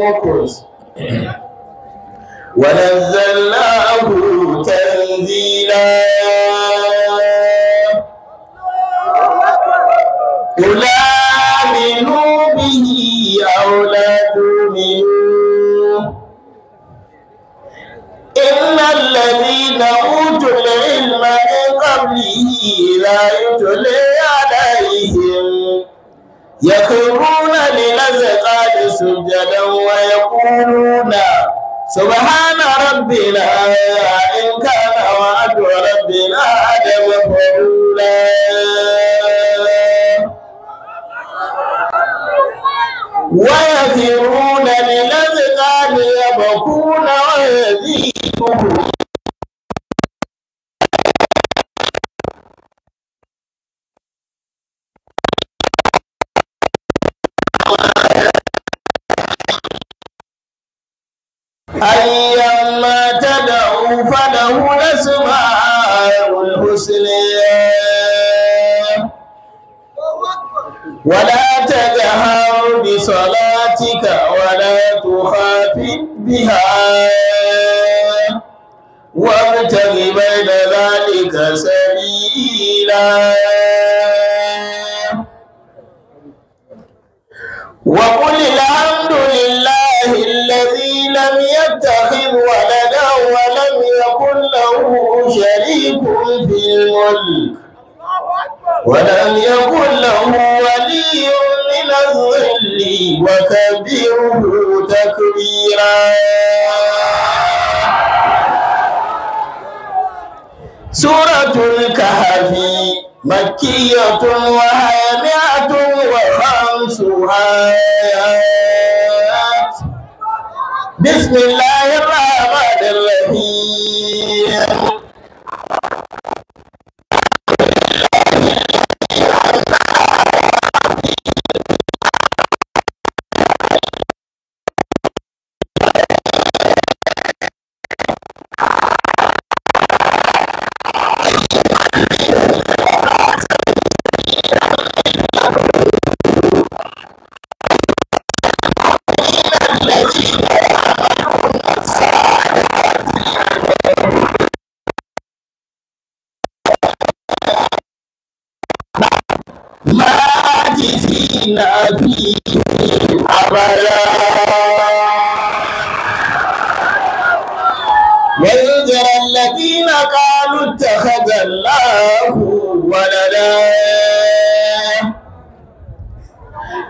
مكرز ونزلناه تنزيلا قل آمنوا به أو لا تؤمنوا إن الذين أوتوا العلم من قبله لا يتلى عليهم سجدا ويقولون سبحان ربنا إن كان وعد ربنا لمفعولا ويذرون للأذقان يبكون ويذيبون أيما تدعو فله الأسماء الحسنى ولا تجهر بصلاتك ولا تخافت بها وابتغ بين ذلك سبيلا وقل يتخذ ولدا ولم يكن له شريك في الملك ولم يكن له ولي من الظل وكبره تكبيرا سورة الكهف مكية وهامعة وخمسها This will last. أبدا ويذر الذين قالوا اتخذ الله ولدا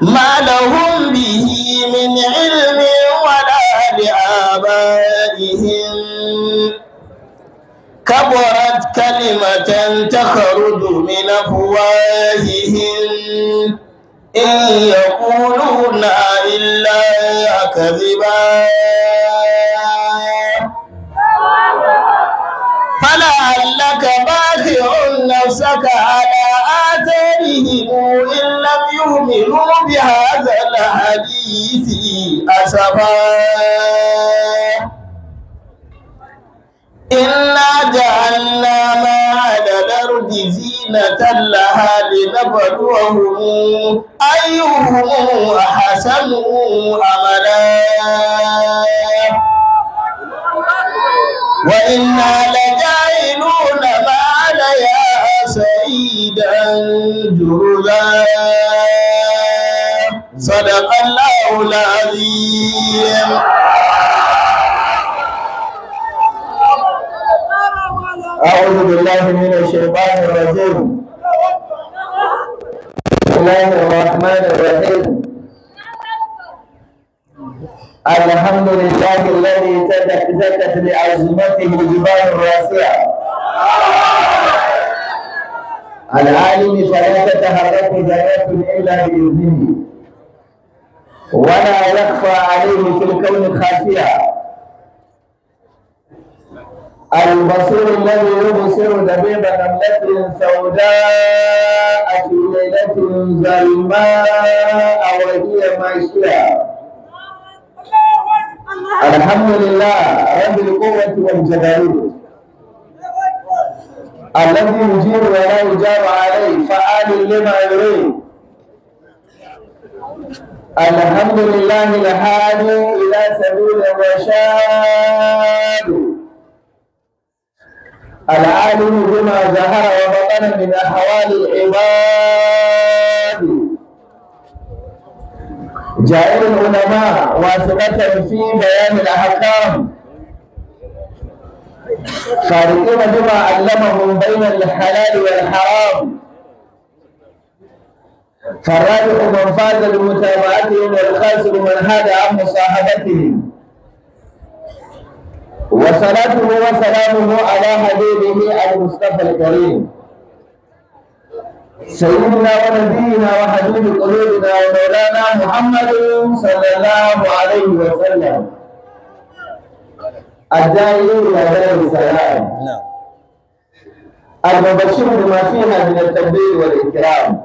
ما لهم به من علم ولا لآبائهم كبرت كلمة تخرج من أفواههم إن يقولون إلا كذبا فلعلك باخع نفسك على آثارهم إن لم يؤمنوا بهذا الحديث أسفا إنا جعلنا ما على الأرض زينة لها لنبلوهم أيهم أحسن عملا وإنا لجاعلون ما عليها سعيدا جرذا صدق الله العظيم أعوذ بالله من الشيطان الرجيم بسم الله الرحمن الرحيم الحمد لله الذي تدكدكت لعزمته جبال الراسية العالم فلا تتحرك ذرات إلا بإذنه ولا يخفى عليه في الكون خافية البصير الذي يبصر دبيبة نملة سوداء في ليلة ظلماء وهي ماشية الحمد لله رب القوة والجبروت الذي يجير ولا يجار عليه فآل لما يريد الحمد لله الهادي إلى سبيل الرشاد العالم بما ظهر وبطن من أحوال العباد جائر العلماء واثقة في بيان الأحكام خارقين بما علمهم بين الحلال والحرام فالرابح من فاز بمتابعتهم والخاسر من هاد عن مصاحبتهم وصلاته وسلامه على حبيبه المصطفى الكريم سيدنا ونبينا وحبيب قلوبنا ومولانا محمد صلى الله عليه وسلم الداعي الى دار السلام نعم. المبشر بما فيها من التكبير والاكرام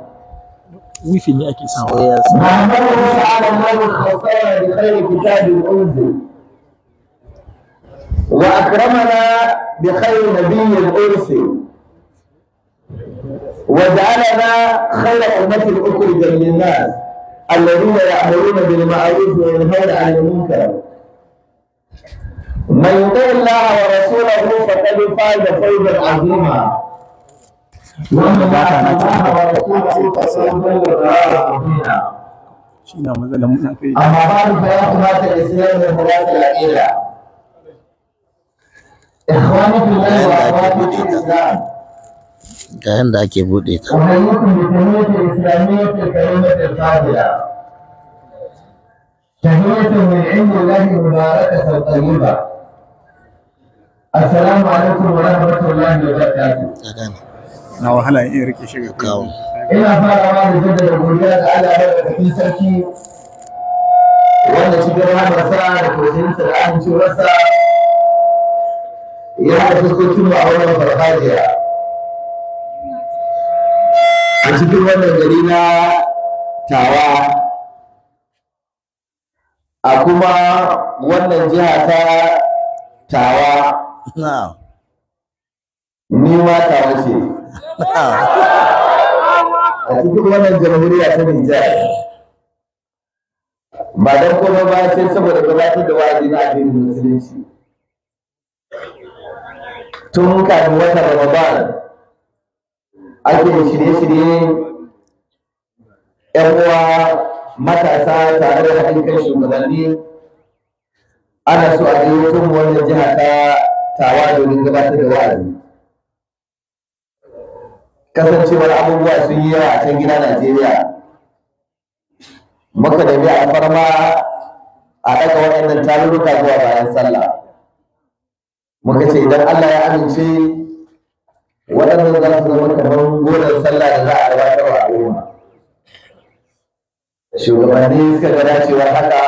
وفي مئة سنة. محمد سبحانه الله خصائص بخير كتاب انزل وأكرمنا بخير نبي أرسل وجعلنا خير أمة اخرج للناس الذين يأمرون بالمعروف وينهون عن المنكر من يطع الله ورسوله فقد فاز فوزا عظيما ومن يطع الله ورسوله فسوف يلقى نعم، أما بعد فيا أمة الإسلام من مراد العقيدة Kayan da ake buɗe ta تهية من عند الله مباركة طيبة السلام عليكم ورحمة الله وبركاته na wahala in rike shi kawo ina farawa da jaddada godiya da Allah ya rabu sarki wanda shi girma da sa da kojin sa da Yana haɗa fuskokin mu a wannan farfajiya a cikin wannan gari na tawa a kuma wannan jiha ta tawa ni ma tawa ce a cikin wannan jamhuriya ta Nijar ba don komai ba sai saboda gabatar da wa'azi na addinin musulunci tun kafin wata ramadan ake shirye-shirye yan uwa matasa tare da haɗin kan shugabanni ana so a yi tun wannan jiha ta tawa domin gabatar da wa'azi kasancewar abubuwa sun yi yawa a can gida najeriya muka da a farma a ɗaga waɗannan tarurruka zuwa bayan sallah muka ce idan Allah ya amince waɗanda za su zama kamar gonar sallah da za a gabatar wa al'umma shugabanni suka ga dacewar haka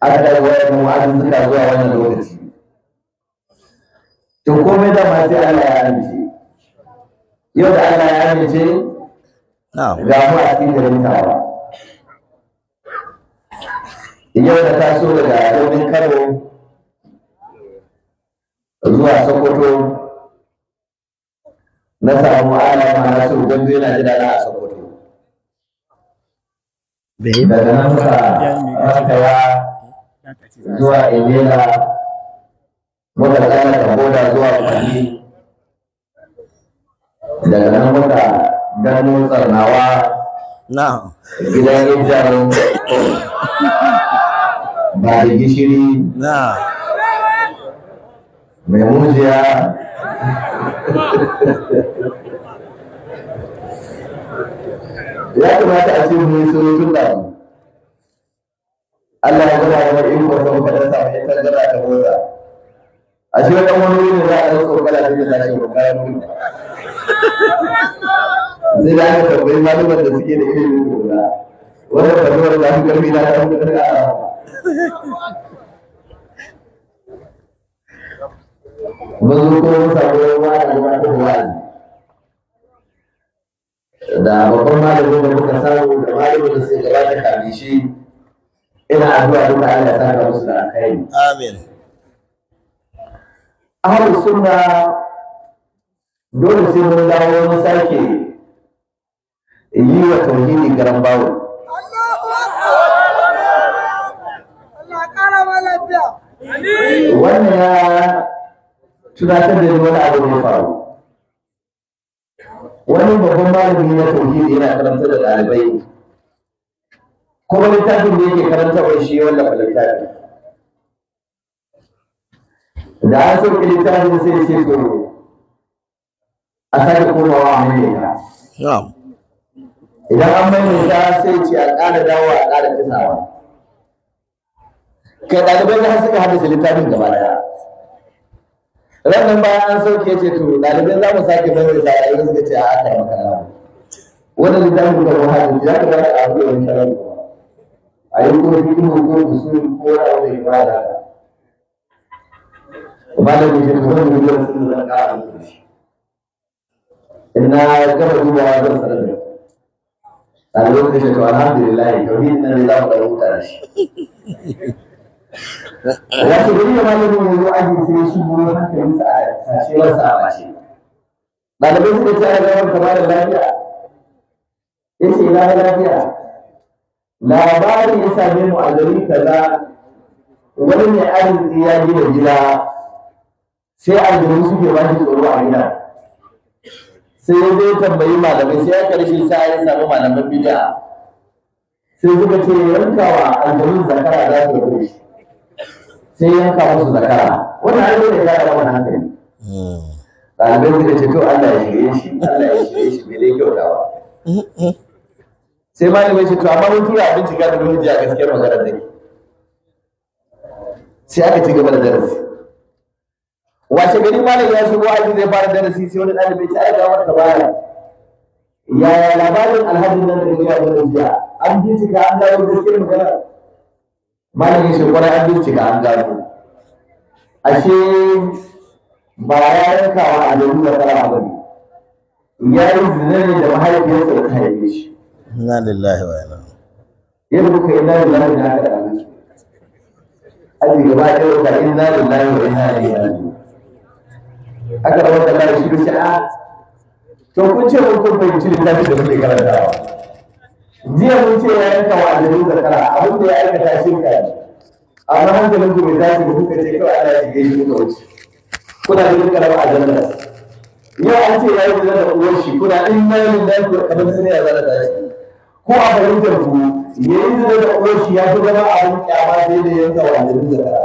aka da waɗannan wa'azuzzuka zuwa wannan lokaci to komai da ma sai Allah ya amince yau da Allah ya amince ga mu a cikin garin tawa yau da taso daga domin karo zuwa sokoto na samu alama na su gandu yana gida na a sokoto daga nan ka makaya zuwa emela muka tsaya da boda zuwa kudi daga nan muka gano tsarnawa gidan ibjar ba da gishiri mai mujiya ya kamata a ce mun so tun da Allah ya gaba da in ko san kada sa ya tangara ta motsa a shi wannan wani wuri ne za a zo kokara da yin lafiya ko kayan mun sai da ka bai malumar da suke da ilimin gona wannan fadawar da su karbi na ta hukunta a mun zo ko mun samu yawa da gabatar wa'azi da babban malamin da muka samu da malamin da suka gabata kafin shi ina addu'a duka Allah ta saka musu da alkhairi amin ahlus sunna dole sai mun dawo mun sake yi wa tauhidi garan bawo wannan ya tunatar da wani abu ne ya faru wani babban malami na tauhidi yana karanta da ɗalibai kuma littafin da yake karanta wai shi wallafa littafin da an sauke littafin sai ce to a sake komawa a maimaita idan an ta sai ce a ƙara dawo a ƙara tisawa kai ɗalibai da suka hada da littafin gaba ɗaya rannan bayan an sauke ce to ɗaliban za mu sake mai da ra'ayi suka ce a aka maka makara wannan littafin da mu hadin ya kamata a da wani karar a yi ko bidiyo ko usul ko ra'ayi da ibada malamin shi ne wani miliyan sun zan ƙara mutu shi ina gaba wa zan sanar da a lokacin to alhamdulillah tauhidin nan ne za mu ɗauka da shi ya ce gari da malamin ya zo aji sai shi ne hankalin sa a shewar sa a bashi ɗalibai suka ce a gawar ka bada lafiya ya ce ina lafiya Labarin ya same mu a gari kaza wani mai arziki ya gina gida sai aljanu suke ba shi tsoro a gida sai ya zo tambayi malamai sai ya karshe sa ya samu malamin bid'a sai suka ce yankawa aljanun zakara za su rubuce sai yanka musu zakara Wani hali ne ya da wannan hankali ɗalibai suka ce to Allah ya shirye shi Allah ya shirye shi bai dai kyautawa sai malamai ce to amma mun tura abinci ga da a gaskiyar magana da sai aka ci gaba da darasi wace gari malam ya shigo aji zai fara darasi sai wani ɗalibai ce ai ga wata bara yaya labarin alhaji nan da ya yi jiya an bincika an dawo gaskiyar magana malamin shi kwarai an bincika an gano ashe ba ya yanka wa alamu da fara ba ne ya yi zina ne da mahaifiyarsa da ta haife shi na lillahi wa yana yadda muka yi na lillahi na haɗa abinci aji gaba ɗaya ga ina na lillahi wa yana ne aka rawar da shi da shi a to kun ce mun kun fahimci lillahi da muke karantawa jiya mun ce ya yanka wa aljanu zakara abin da ya aikata shi ka yi amma hankalin ku bai tashi da kuka ce kawai ana ya yi shi wuce kuna da duka a aljanna yau an ce ya yi zina da uwar shi kuna in na yi da ku kamar sun ya da tashi ko a fahimtar ku ya yi zina da uwar shi ya fi zama a wani kyama sai da yanka wa da zakara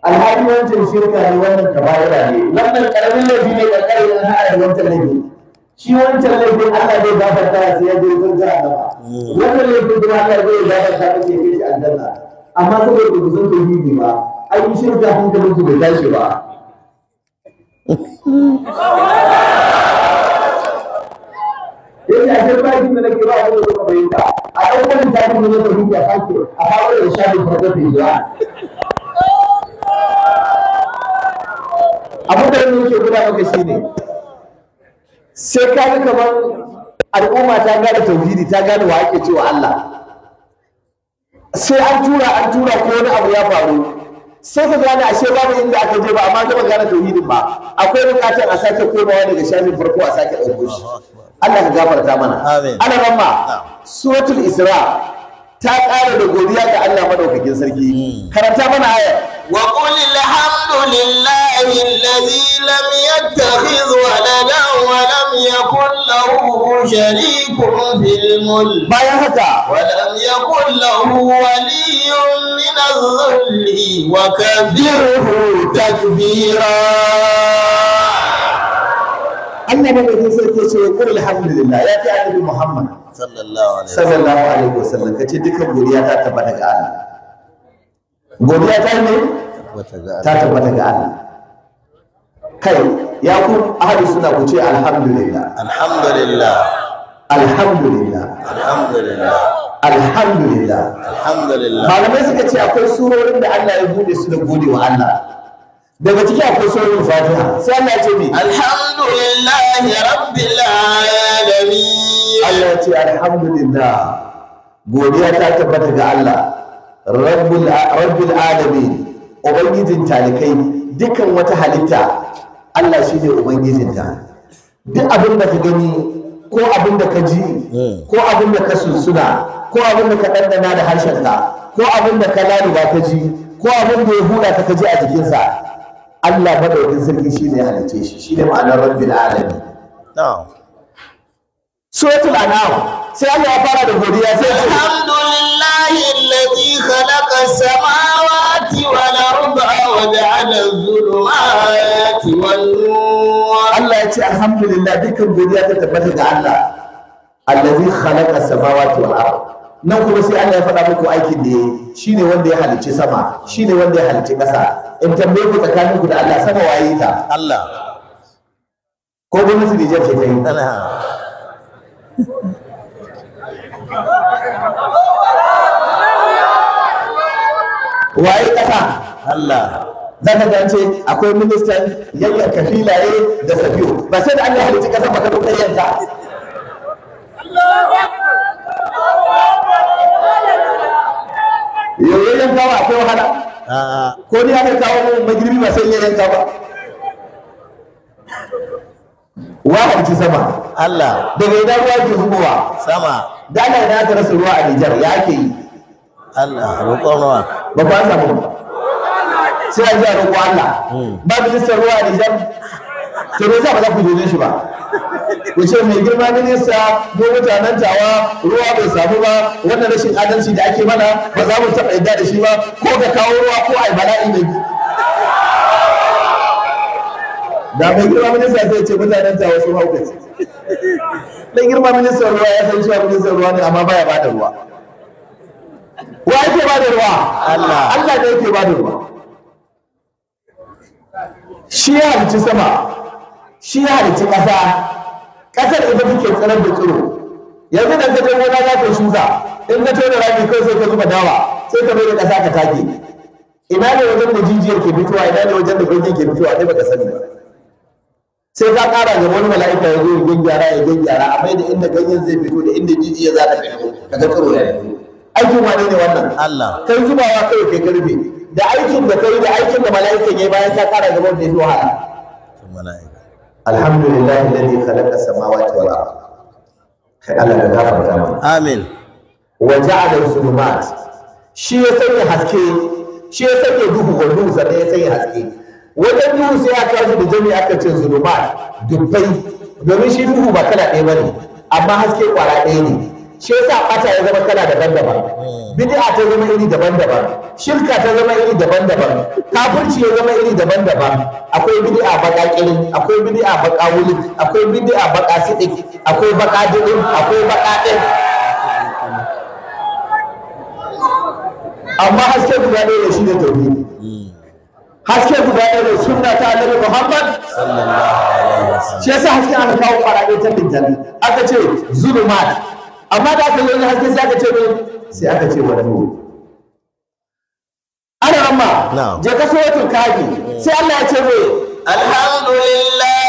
alhali wancan shirka ne wannan tabayira ne wannan karamin laifi ne ƙarƙarin na haɗa da wancan laifi shi wancan laifin Allah zai gafarta ya sai ya je wutar jahannama wannan laifin kuma Allah zai gafarta ya sai ya je aljanna amma saboda ku san tauhidi ba an yi shirka hankalin ku bai tashi ba yadda ake bakin da nake ba a wani zuwa fahimta a ɗaukar tafi ne na rufe a sake a fara da shafin farkon hijira abin da nake guda maka ne sai ka kamar al'umma ta gane tauhidi ta gane wa ake cewa Allah sai an tura an tura ko wani abu ya faru sai ka gane ashe babu inda aka je ba amma ka gane tauhidin ba akwai bukatar a sake komawa daga shafin farko a sake ɗauko shi Allah ka gafarta mana ana ramma suratul isra ta ƙara da godiya ga Allah madaukakin sarki hmm. karanta mana ayar وقل الحمد لله الذي لم يتخذ ولدا ولم يكن له شريك في الملك ولم يكن له ولي من الذل وكبره تكبيرا annabi da ke sai ke ce qul alhamdulillah ya fi annabi muhammad sallallahu alaihi wasallam kace dukan godiya ta tabbata ga Allah godiya ta ne ta tabbata ga Allah kai ya ku ahadu suna ku ce alhamdulillah alhamdulillah alhamdulillah alhamdulillah alhamdulillah alhamdulillah malamai suka ce akwai surorin da Allah ya bude su da gode wa Allah daga ciki akwai surorin fatiha sai Allah ya ce mi alhamdulillah ya rabbil alamin Allah ya ce alhamdulillah godiya ta tabbata ga Allah rabbul alami ubangijin talikai dukan wata halitta Allah shi ne ubangijinta duk abin da ka gani ko abin da ka ji hmm. ko abin da ka sunsuna ko abin da ka ɗanɗana da harshenka ko abin da ka laluba ka ji ko abin da ya huda ka ka ji a jikinsa Allah madaukin sarki shi ne halice shi shi ne ma'anar rabbil na'am suratul anam sai Allah ya fara da godiya sai ya ce alhamdulillah alladhi khalaqa samawati wal arda wa ja'ala dhulumati wan nur Allah ya ce alhamdulillah dukkan godiya ta tabbata ga Allah alladhi khalaqa samawati wal arda nan kuma sai Allah ya faɗa muku aikin da yayi shine wanda ya halicci sama shine wanda ya halicci ƙasa in tambaye ku tsakaninku da Allah sama waye ta Allah ko gwamnati Nijar ce ta yi waye kasa Allah za ka gance akwai ministan yankan kafilaye da safiyo ba sai da an yi halitta kasa ba ka duk yanka yau yanka ba akwai wahala ko ni ana kawo magribi ba sai yanka ba wa ci sama Allah da bai da ruwa ke zubowa sama da Allah idan ta rasa ruwa a Nijar ya ke yi Allah roƙon ruwa ba ku an samu sai an ji a Allah hmm. ba ministan ruwa a Nijar to me za ba za ku dole shi ba ku ce mai girma minista ko mutanen tawa ruwa bai samu ba wannan rashin adalci da ake mana ba za mu taɓa yadda da shi ba ko ka kawo ruwa ko ai bala'i ne? da mai girma minista zai ce mutanen ta wasu haukaci dan girma ministan ruwa ya san cewa ministan ruwa ne amma baya bada ruwa wa yake bada ruwa Allah Allah ne yake bada ruwa shi ya halicci sama shi ya halicci ƙasa ƙasar ita take tsirar da tsiro yanzu da kaje gona za ka shuka in ka tona rami kai sai ka zuba dawa sai ka mai da ƙasa ka take ina ne wajen da jijiyar ke fitowa ina ne wajen da gurgin ke fitowa dai baka sani ba sai ka kara ga wani mala'ika ya zo ya gyara ya gyara a mai da inda ganyen zai fito da inda jijiya za ta fito ka tsoro tsaro ya fito aikin wane ne wannan Allah kai zubawa kai kai karfe da aikin da kai da aikin da mala'ika ne bayan ka kara ga wani ya zo hala mala'ika alhamdulillah alladhi khalaqa samawati wal ardh kai Allah ka gafarta mu amin wa ja'ala az-zulumat shi ya sanya haske shi ya sanya duhu wa duhu ya sanya haske wajen duhu sai aka shi da jami aka ce zulumat dubbai domin shi duhu ba kala ɗaya bane amma haske kwara ɗaya ne shi yasa ɓata ya zama kala daban-daban bid'a ta zama iri daban-daban shirka ta zama iri daban-daban kafirci ya zama iri daban-daban akwai bid'a baka kirin akwai bid'a baka wuli akwai bid'a baka sidik akwai baka dinin akwai baka din amma haske guda ɗaya shi ne tauhidi haske guda ɗaya ne sunna ta annabi Muhammad shi yasa haske aka kawo kwaraɗe ta linjami aka ce zulumat amma da aka yi haske sai aka ce ne sai aka ce wani nuru ana amma je ka so wato kaji sai Allah ya ce ne alhamdulillahi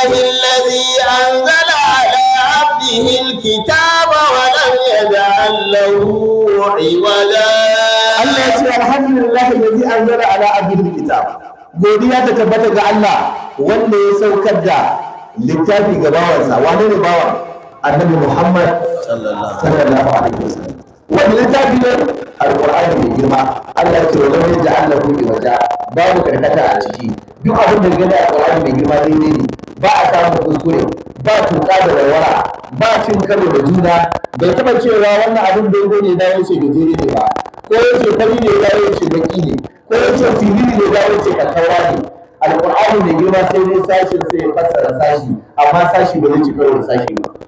alladhi anzala ala abdihi alkitaba wa lam yaj'al lahu iwaja Allah ya ce alhamdulillahi alladhi anzala ala abdihi alkitaba godiya ta tabbata ga Allah wanda ya saukar da littafi ga bawansa wane ne bawa annabi Muhammad sallallahu alaihi wasallam wani littafi ne alƙur'ani mai girma Allah ya ce wa lamar da Allah ku wata babu karkata a ciki duk abin da gani alƙur'ani mai girma daidai ne ba a samun kuskure ba tuƙa da warwara ba cin karo da juna bai taɓa cewa wannan abin dogo ne na yace gajere ne ba ko ce fari ne na yace baki ne ko ce filili ne na yace kakawa ne alƙur'ani mai girma sai dai sashin sai ya fassara sashi amma sashi ba zai ci karo da sashi ba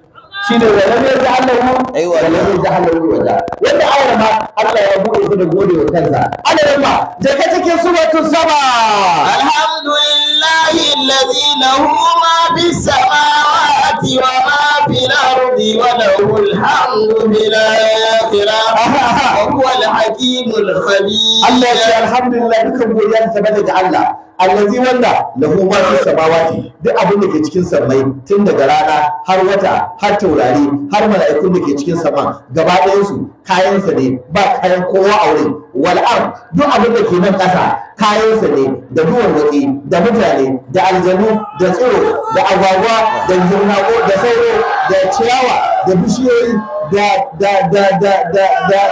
shine wa lam yaj'alahu aiwa lam yaj'alahu waja wanda ayar ma Allah ya buɗe shi da gode wa kansa alayyama da ka take suratul sama. alhamdulillah الله الذي له ما في السماوات وما في الأرض وله الحمد في الآخرة وهو الحكيم الخبير الله يا الحمد لله dukkan godiya ta tabbata ga Allah allazi wanda lahu ma fi samawati duk abin da ke cikin sammai tun daga rana har wata har taurari har mala'ikun da ke cikin sama gaba ɗayan su kayansa ne ba kayan kowa a wurin wal duk abin da ke nan ƙasa kayansa ne da duwan wani da mutane da aljanu da tsiro da agwagwa da zurnako da sauro da ciyawa da bishiyoyi da da da da da da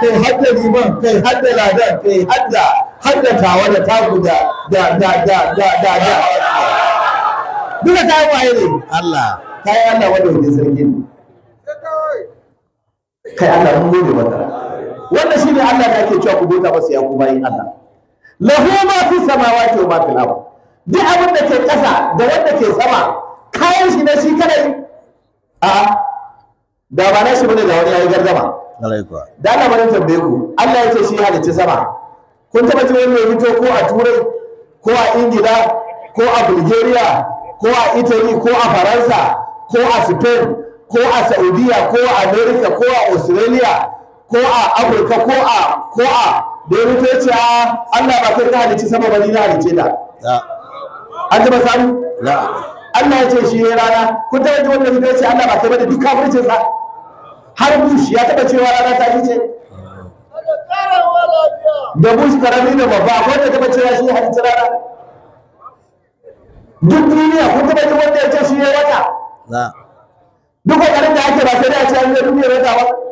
kai hadda liman kai hadda ladan kai hadda hadda tawa da tagu, da da da da da da da duka ta waye ne Allah ta yi Allah wanda yake sarki kai Allah mun gode maka wannan ne Allah da ake cewa ku gode masa ya ku bayin Allah lahu ma fi samawati wa ma fil ard duk abin da ke kasa da wanda ke sama kayan shi ne shi kadai a da ba na shi bane da wani yayi alaikum da Allah bane tambaye ku Allah ya ce shi halicci sama kun taba ji wani fito ko a turai ko a ingila ko a bulgaria ko a italy ko a faransa ko a spain ko a saudiya ko a america ko a australia ko a afirka ko a ko a da ya mutu ce ce ah, Allah ba kai ka halicci sama ba ni na halicce ta an taɓa samu Allah ya ce shi ya rana kun taɓa ji wanda mutu ce Allah ba kai ba da duk kafircin sa har Bush ya taɓa cewa rana ta ce da Bush karami da babba ko da taɓa cewa shi ya halicci rana duk duniya kun taɓa ji wanda ya ce shi ya wata duk ƙoƙarin da ake ba sai da a ce an zai duniyar wata ba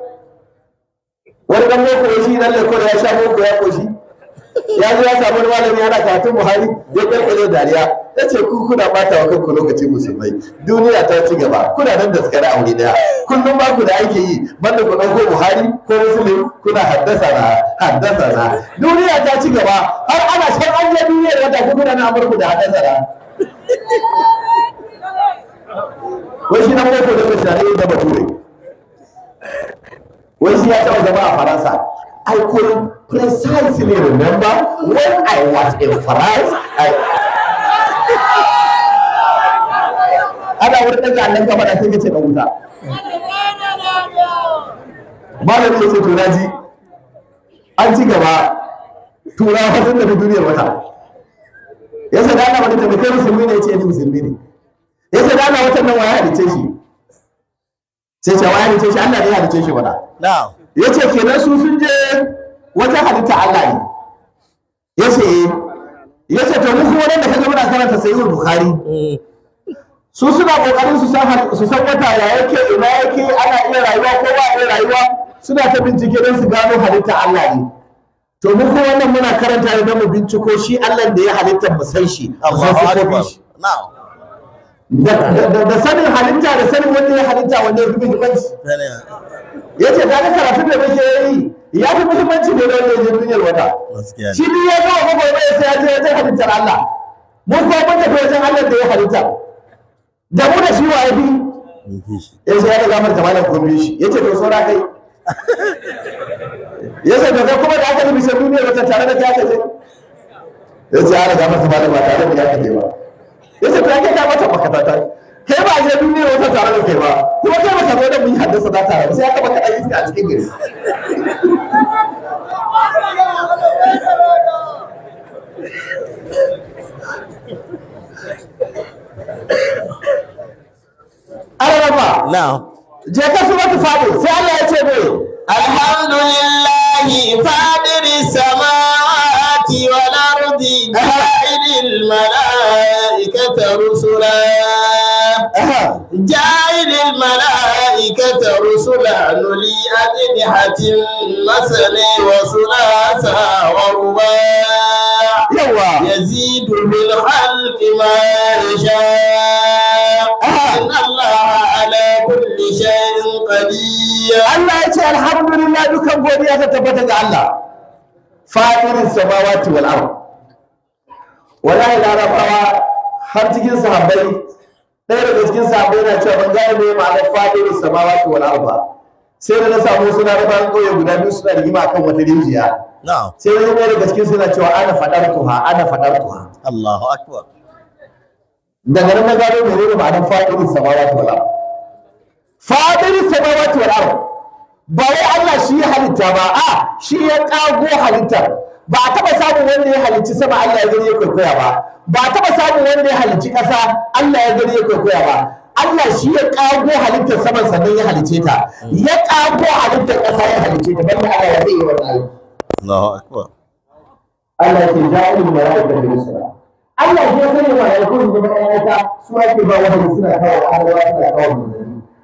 wani dan boko shi dan lekko ya sha boko ya koshi ya zo ya samu malami yana karatun buhari ya kalkale dariya ya ce ku kuna bata wa kanku lokacin musulmai duniya ta ci gaba kuna nan da tsakar aure daya kullum ba ku da ake yi banda ku ɗauko buhari ko musulmi kuna haddasa na haddasa na duniya ta ci gaba har ana shan an je duniyar wata ku kuna na amurku da haddasa na wai shi na boko da mutane da bature wai shi ya taɓa zama a faransa I could precisely remember when I was in France. Ana wurin ɗaga nan gaba da take ce da wuta. Malam ya ce to na ji an ci gaba turawa sun da duniyar wata. Ya sa dana wata da kai musulmi ne ya ce ni musulmi ne. Ya sa dana wata nan waya halicce shi. sai ce wani ce shi Allah ne ya halice shi wala ya ce kenan su sun je wata halitta Allah ne ya ce eh. ya ce to mu kuma da kaje muna karanta sahihul bukhari su suna kokarin su san su san wata ya yake ina yake ana iya rayuwa ko ba iya rayuwa suna ta bincike don su gano halitta Allah ne to mu kuma wannan muna karanta ne don mu binciko shi Allah da ya halitta mu san shi Allahu akbar na'am da sanin halitta da sanin wanda ya halitta wanda ya fi muhimmanci ya ce ta ga karatu da muke yi ya fi muhimmanci da wanda ya je duniyar wata shi ne ya zo ga gobe sai ya je wajen halittar Allah mu ko mun tafi wajen Allah da ya halitta da mu da shi wa yafi ya ce ya ga gamar ta malam komai shi ya ce to saura kai ya ce da kuma da aka bisa duniyar wata tare da ta kaje ya ce ya ga gamar ta malam ba tare da ya kaje ba ce ta yake ka mata baka tata kai ba je duniya wata tare da kai ba kuma kai ka zo da mun haddasa za ta sai aka baka dan iska a cikin gari Araba. Now. Je ka su mata fadi sai Allah ya ce mai alhamdulillahi fadiri samawati wal ardi ja'ilil malaa جعل الملائكة رسلا لولي أجنحة مثني وثلاثا ورباع يزيد بالخلق ما يشاء إن الله على كل شيء قدير الله يجعل الحمد لله دكان godiya ta tabbata ga Allah fatirin samawati wal ard wallahi larabawa har cikin sahabbai ɗaya daga cikin sahabbai yana cewa ban gane me ma'anar samawa samawati wal arba sai da na samu suna da bayan ƙauye guda biyu suna rigima akan wata rijiya sai da ɗaya daga cikin suna cewa ana faɗar tuha ana faɗar tuha Allahu akbar daga nan na gano menene ma'anar fadilu samawati wal arba fadilu samawati wal arba ba wai Allah shi ya halitta ba a shi ya kago halittar ba a taɓa samun wanda ya halicci sama Allah ya gani ya kwaikwaya ba ba a taɓa samun wanda ya halicci ƙasa Allah ya gani ya kwaikwaya ba Allah shi ya ƙago halittar saman sannan ya halicce ta ya ƙago halittar ƙasa ya halicce ta banda Allah ya zai yi wa aiki Allahu akbar Allah ya ja'alul malaikata Allah ya sanya malaikun da malaika su ake ba wahayi suna kawo Allah suna kawo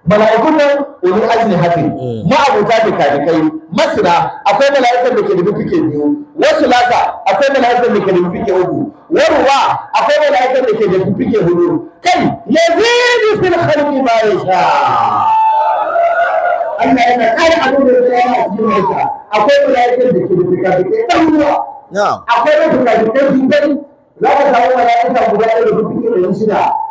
malaikun nan ulul ajnihatin oh. ma'abuta da kadikai masra akwai mala'ikan da ke da fike biyu wasu lasa akwai mala'ikan da ke da fike uku warwa akwai mala'ikan da ke da fike hudu kai yazidu fil khalqi ma yasha Allah yana kare abin da ya yana a cikin yasha akwai mala'ikan da ke da fika fike dan ruwa akwai mala'ikan da ke da fike za ka samu mala'ika guda ɗaya da fike da shida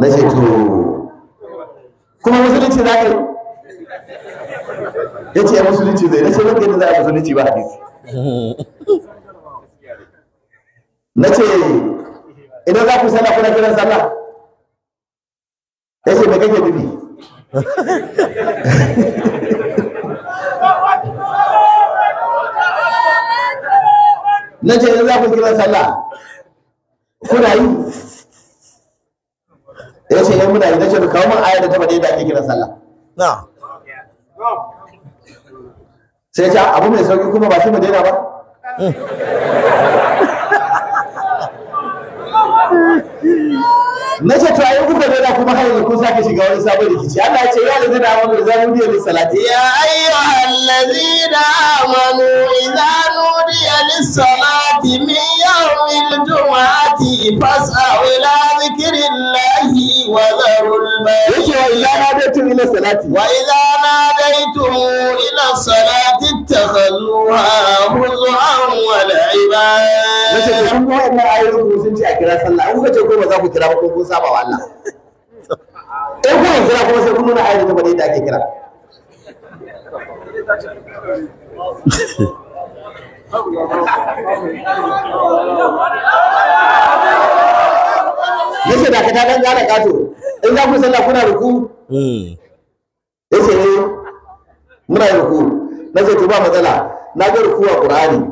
na ce to kuma musulunci za ka yi ya ce ya musulunci zai na ce maka yadda za a musulunci ba hadisi na ce idan za ku sallah kuna kiran sallah ya ce me kake nufi na ce idan za ku kiran sallah kuna yi ya ce yan muna da na ce kawo mun ayar da ta da ake kiran sallah na sai ya ce abu mai sauki kuma ba shi mu daina ba hmm. na ce to ayi kuka da kuma har yanzu kun sake shiga wani sabon rikici Allah ya ce ya lazina amanu idza nudiya lis salati ya ayyuhal ladzina amanu idza nudiya lis salati min yawmil jumu'ati fas'au ila dhikrillahi wa dharul bayt yake wa idza nadaytum ila salati wa idza nadaytum ila salati ittakhadhuha huzwa na ce to kun wa'in nan ayoyin ku sun ce a kira sallah an kuka ce ko ba za ku kira ba ko kun saba wa Allah in kira kuma sai kun nuna ayoyin ta ba da ake kira yace da ka dan gane kato in za ku sallah kuna ruku hmm. yace ne, eh, muna ruku na ce to ba matsala na ga ruku a qur'ani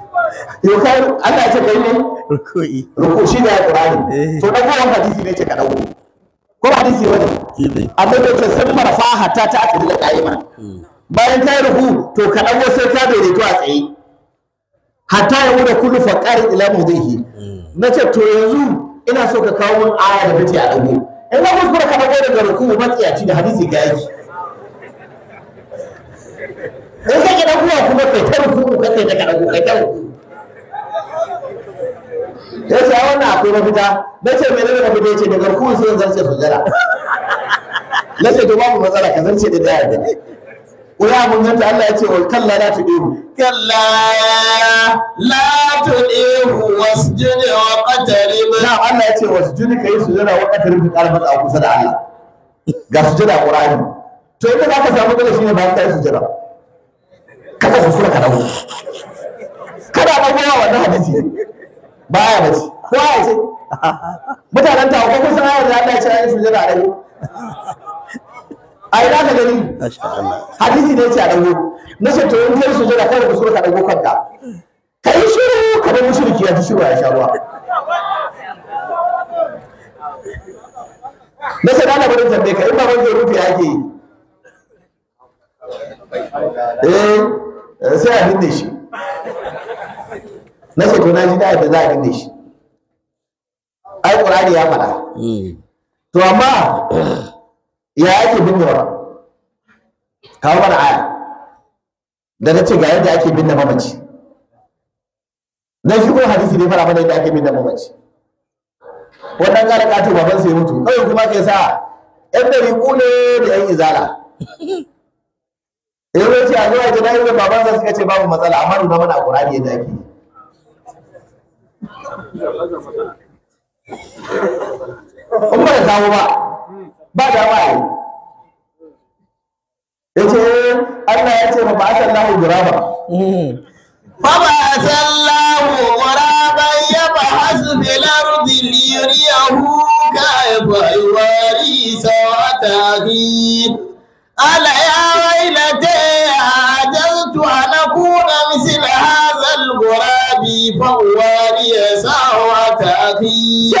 yokar Allah ce kai ne ruku'i ruku shi da Qur'ani eh. to dan kowa hadisi ne ce ka dawo ko hadisi wani amma da ce san marfa hatta ta aka da qaima hmm. bayan ka yi ruku to ka dawo sai ka daidaito a tsaye hatta ya wuda kullu faqari ila hmm. Na ce to yanzu ina so ka kawo min aya da take a dago in ka kuskura ka dago daga ruku matsiyaci da hadisi ga yaki in ka ki dago kuma kai ta ruku kai ta dago kai ta ruku ta ce wannan akwai mafita na ce mai nuna mafita ya ce daga rukun sai zan ce sujada na ce to babu matsala ka zance da daya da Kuya ah, mun ganta Allah ya ce wa kalla la tudihu kalla la tudihu wasjud wa qatarib na Allah ya ce wasjud kai sujada wa qatarib ka karba a kusa da Allah ga sujada Qur'ani to idan zaka samu dole shine ba ka yi sujada kada ku fura ka dawo kada ba gowa wannan hadisi baya bacci ko ya ce mutanen ta ko kun san ayar da Allah ya ce ayi sujada a rago ai ka gani hadisi ne ya ce a rago na ce to in kai sujada kada ku sura ka dago kanka kai shiru ka da mushriki ya ji shiru ya sha ruwa na ce dana bari tambaye ka in ba wanda rufe ake yi eh sai a binne shi na ce to na ji da za a danne shi ai qur'ani ya faɗa hmm. to amma ya ake binne wa kawo mana aya da na ce ga yadda ake binne mamaci na shi ko hadisi ne fara mana yadda ake binne mamaci wannan kare kato baban sai mutu kawai kuma ke sa yan dari ne da yan izala ya ce a zuwa jana'izar baban babansa suka ce babu matsala amma nuna mana qur'ani yadda ake yi in ba da kawo ba ba da ba yi ya ce eh, Allah ya ce ba ba sallahu guraba fa ba sallahu guraba ya ba hasu fil ardi liyuriyahu kayfa yuwari sawata bi ala ya wailata ajaztu an akuna misl hadha al-ghuraba أبي فواري سعوة أخي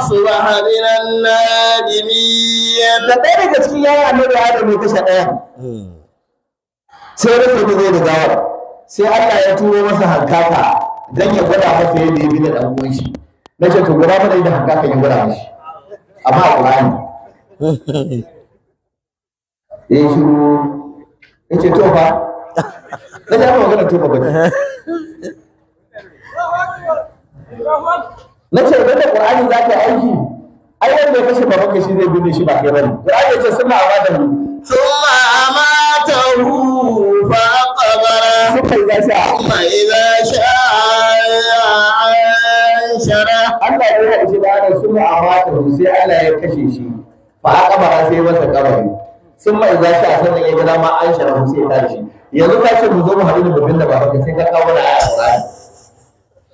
أصبح من النادمين لدينا تسكي يا أمير هذا المتشأ sai rufe da zai da gawar sai Allah ya turo masa hankaka don ya gwada masa yadda ya bi da ɗan uwan shi na ce to gwada mana yadda hankaka ya gwada mashi amma a Qur'ani ya yi shiru ce to fa na ce magana to fa na ce idan da ƙur'ani za ka aiki ai wanda ya kashe babanka shi zai binne shi ba kai bane ƙur'ani ya ce sun ma amata hu sun ma amata hu fa qabara suka yi zasha kuma idza sha'a anshara Allah ya yi shi da sun ma amata hu sai Allah ya kashe shi fa qabara sai masa kabari sun ma idza sha'a sannan ya ga dama anshara hu sai ya tashi yanzu ka ce mu zo mu haɗu da babin da babanka sai ka kawo da aya ƙur'ani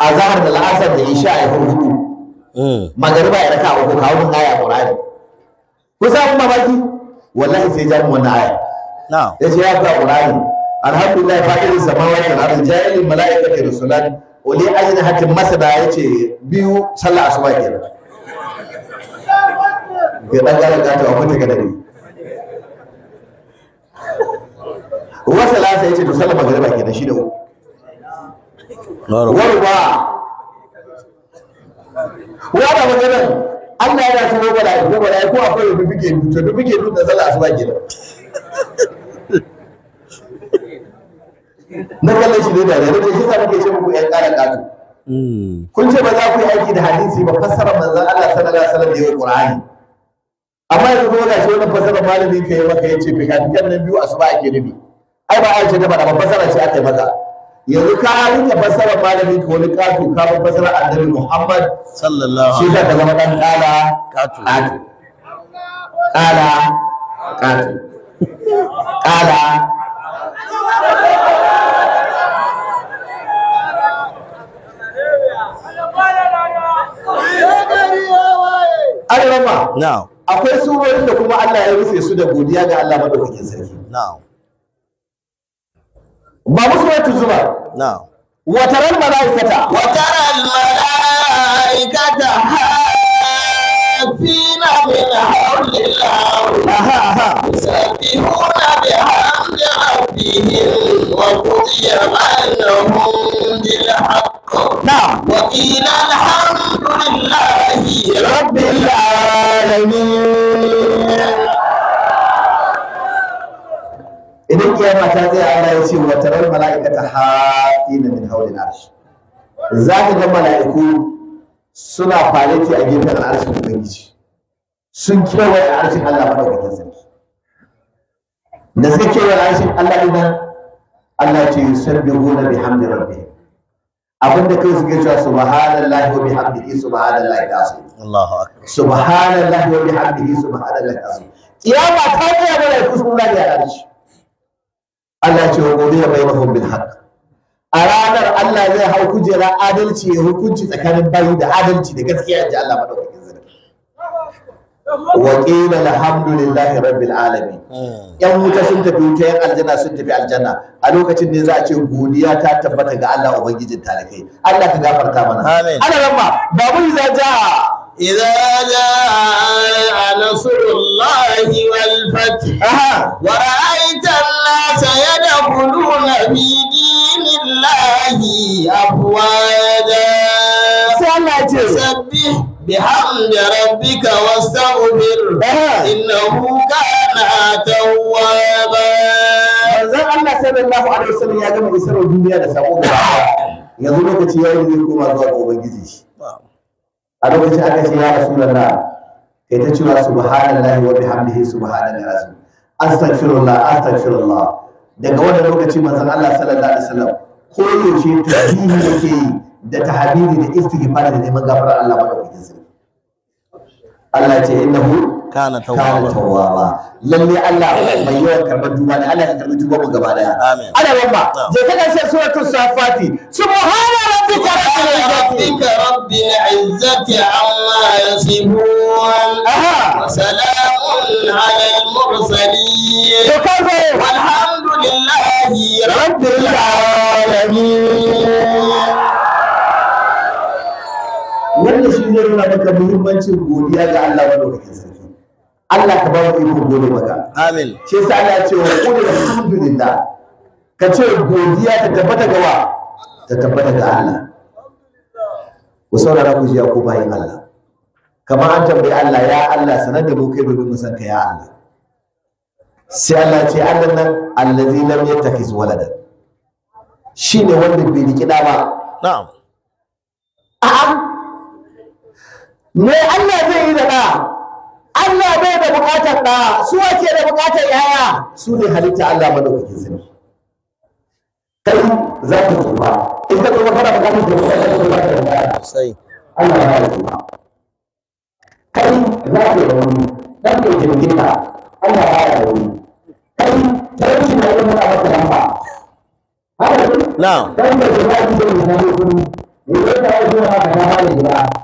azhar da la'asar da isha ya hudu hmm. magariba ya raka uku kawo mun aya qur'ani ko sa baki? mamaki wallahi sai ja mun aya na'am yace ya ka qur'ani alhamdulillah fa'il samawati wal ardi ja'il malaikati rusulan wali ajnahatin masada yace biyu sallah asuba kenan bai dan gara ka ta wata ga dare wasa lasa yace to sallah magariba kenan shi da uku warba wa da magana Allah yana turo bala'i ko ko akwai rubu bige to rubu bige da sallah ba gida na kallon shi ne da da shi sa muke ce muku ƴan ƙara ƙato hmm. kun ce ba za ku yi aiki da hadisi ba fassara manzon Allah sallallahu alaihi wasallam da yau Qur'ani amma yanzu da shi wannan fassara malami kai maka yace fikafikan nan biyu asuba ake nufi ai ba a ce da ba fassara shi ake maka yanzu ka rika fasara malamin ka wani kato ka ba a annabi Muhammad sallallahu alaihi wasallam shi ka zama dan kala kato kala kato kala akwai surorin da kuma Allah ya rufe su da godiya ga Allah madaukakin sarki. ba musu wata zuba wata ran mala'ikata wata ran mala'ikata hafina min haulillah yusabbihuna bihamdi rabbihim wa qudiya annahum bil haqq na'am wa qila alhamdulillahi rabbil alamin idan kiyama ta tsaya Allah ya ce wa tarar mala'ikata hafina min hawlil arshi za ka ga mala'iku suna fareti a gefen al'arshin ubangiji sun kewaye al'arshin Allah da sarki da suka kewaye al'arshin Allah ina Allah ce yusabbihuna bihamdi rabbihim abinda kai suke cewa subhanallahi wa bihamdihi subhanallahi azim Allahu akbar subhanallahi wa bihamdihi subhanallahi azim kiyama ta tsaya mala'iku sun zagaya al'arshi Allah ce bai mahu bin haka. a ranar Allah zai hau kujera adalci ya hukunci tsakanin bayi da adalci da gaskiya ji Allah madaukakin sarki wa qila alhamdulillahi rabbil alamin yan wuta sun tafi wuta yan aljanna sun tafi aljanna a lokacin ne za a ce godiya ta tabbata ga Allah ubangijin talakai Allah ta gafarta mana amin ana ramma babu za ja إذا جاء نصر الله والفتح ورأيت الناس يدخلون في دين الله أفواجا فسبح بحمد ربك واستغفر إنه كان توابا Allah sallallahu alaihi wasallam ya gama isar duniya da sako lokaci yayi koma zuwa ga ubangiji a lokacin aka ce ya na kai ta cewa subhanallahi wa bihamdihi subhanallahi azim astaghfirullah astaghfirullah daga wannan lokaci manzon Allah sallallahu alaihi wasallam ko yaushe tasbihi yake yi da tahmidi da istighfar da neman gafarar Allah madaukakin sarki Allah ya ce innahu kana tawwaba lalle Allah mai yawan karbar duba ne Allah ya karbi duba mu gaba daya amin ana babba je ka karshe suratul safati subhana rabbika rabbil izzati amma yasifun aha salamun alal mursalin to kafa walhamdulillahi rabbil alamin wannan shi ne nuna maka muhimmancin godiya ga Allah madaukakin sarki Allah ka ba mu iko maka amin shi yasa Allah ya ce wa kullu alhamdulillah ka ce godiya ta tabbata ga wa ta tabbata ga Allah ku saurara ku ji ku bayin Allah kamar an tambayi Allah ya Allah sanar da mu kai domin mu san ka ya Allah sai Allah ce Allah nan allazi lam yattakhiz walada shine wanda bai riki da ba na'am a'a me Allah zai yi da da Allah bai da buƙatar ɗa su ake da buƙatar yaya su ne halitta Allah madaukakin sarki kai za ka tuba in ka tuba kana bukatar da bukatar da bukatar da sai Allah ya yi tuba kai za ka yi wani. dan da jirgin ka Allah ya yi rauni kai talauci na yin mutane da lamba haka ne na'am dan da jirgin ka ne na yi rauni ne zai ta yi zuwa ga dama da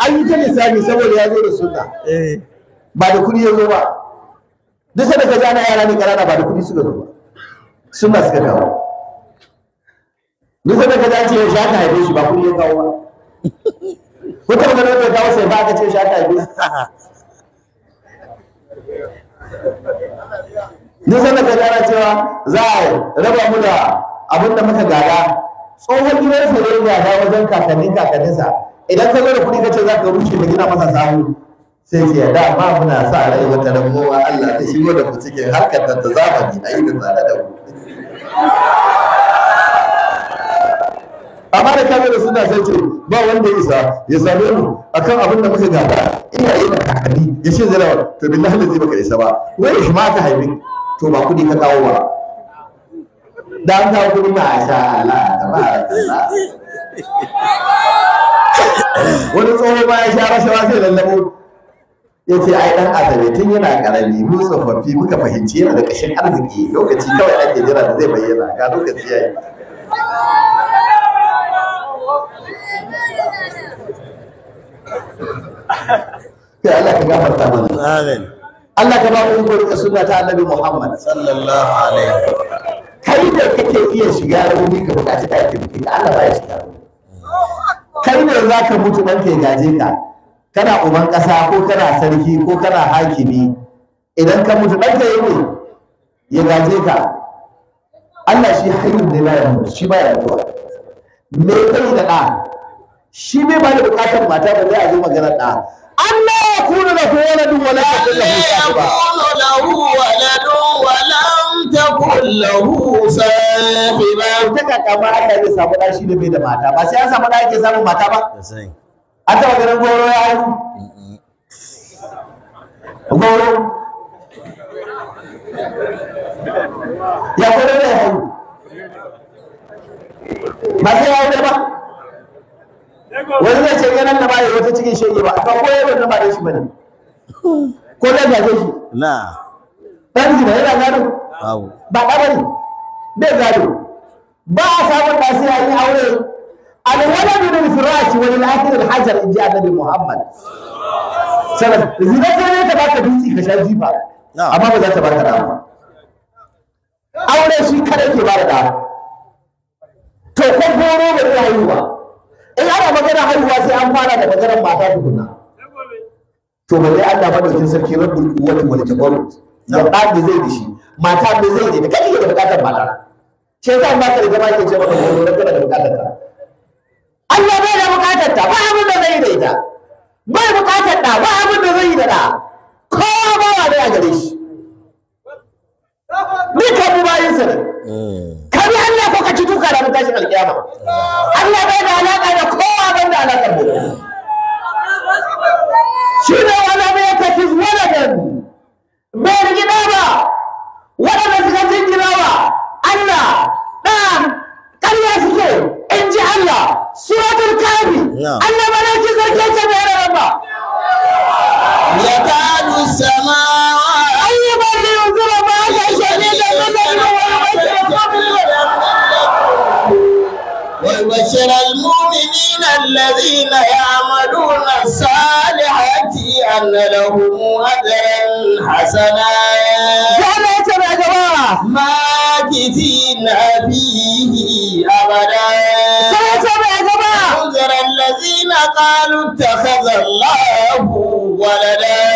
an yi ta lissafi saboda ya zo da suna eh. ba da kuɗi ya zo ba duk sanda ka jana yara ne ƙanana ba da kuɗi suka zo ba suna suka kawo duk sanda ka jace ya sha ka haife shi ba kuɗi ya kawo ba wata magana ya kawo sai ba ka ce sha ka haife shi duk sanda ka jana cewa za a raba mu da abin da muka gada tsohon gidansa ne ya gada wajen kakannin kakanninsa idan ka zo da kuɗi kace za ka rushe da gina masa sahu sai ce da ma muna sa rai wata ran kowa Allah ta shigo da ku cikin harkar ta zamani a yi da tsada da ku amma da kamar suna sai ce ba wanda ya isa ya same mu akan abin da muka gaba, ina yi da kakanni ya ce zai to lahalin zai baka isa ba wai shi ma ka haifi to ba kuɗi ka kawo ba dáadáa ó ní masha Allah tabarakallah wani tsohon ma ya sha rashawa sai lallabo ya ce ai dan azabe tun yana karami mu tsofaffi muka fahimci yana da kashin arziki lokaci kawai ake jira da zai bayyana ka lokaci yayi Ya Allah Amin. Allah ka ba mu ikon sunna ta Annabi Muhammad sallallahu alaihi wa kai ne kake iya shiga rauni ka bukaci ka yi taimaki da Allah ba ya shiga rauni kai ne za ka mutu dan ke gaje ka kana uban ƙasa ko kana sarki ko kana hakimi idan ka mutu ɗan ke yi ya gaje ka Allah shi hayyun ne la yamu shi ba ya zuwa me kai da ɗa shi ne ba da bukatar mata ba zai a zo magana ɗa أن لا يكون له ولد ولم تكن له صاحبة له ولد ولم تكن له صاحبة duka kama aka yi samu ɗan da bai da mata ba sai an samu ɗan ake samun mata ba an taɓa ganin goro ya haihu goro ya goro ya haihu ba sai ya ba wani zai ce ganin na bayi wata cikin shege ba akan koyar da ba shi bane ko da gaje shi na dan zina yana gado ba kabari bai gado ba a samun tasiri a yi aure alwaladu bil firashi wal akhir al hajar inji annabi muhammad sallallahu alaihi wasallam zina ne ta baka dutse ka sha jifa amma ba za ta baka dama aure shi kada ke ba da to ko goro ba zai haihu ba in ana magana haihuwa sai an fara da maganar mata tukuna to balle Allah madaukin sarki rabbul quwwati wal jabarut da da zai dishi mata da zai da kake da bukatar mata shi yasa ba ka da ma ke ce maka wani da kana da bukatar ta Allah bai da bukatar ta ba abin da zai da ita bai bukatar da ba abin da zai da da kowa ba wa da gare shi duka mu bayin sa ne ka ci duka ranar tashin alƙiyama Allah bai da alaka da kowa ban da alaƙar mu shi ne wala wani mai ya tafi waladan bai gida ba wala waɗanda suka gida ba Allah ɗan ƙarya suke in ji Allah suratul kafi Allah ba na ki zarge ta mai rarraba ya ta بشر المؤمنين الذين يعملون الصالحات أن لهم أجرا حسنا ماكثين فيه أبدا أنذر الذين قالوا اتخذ الله ولدا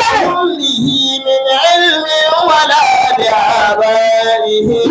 لهم به من علم ولا لآبائهم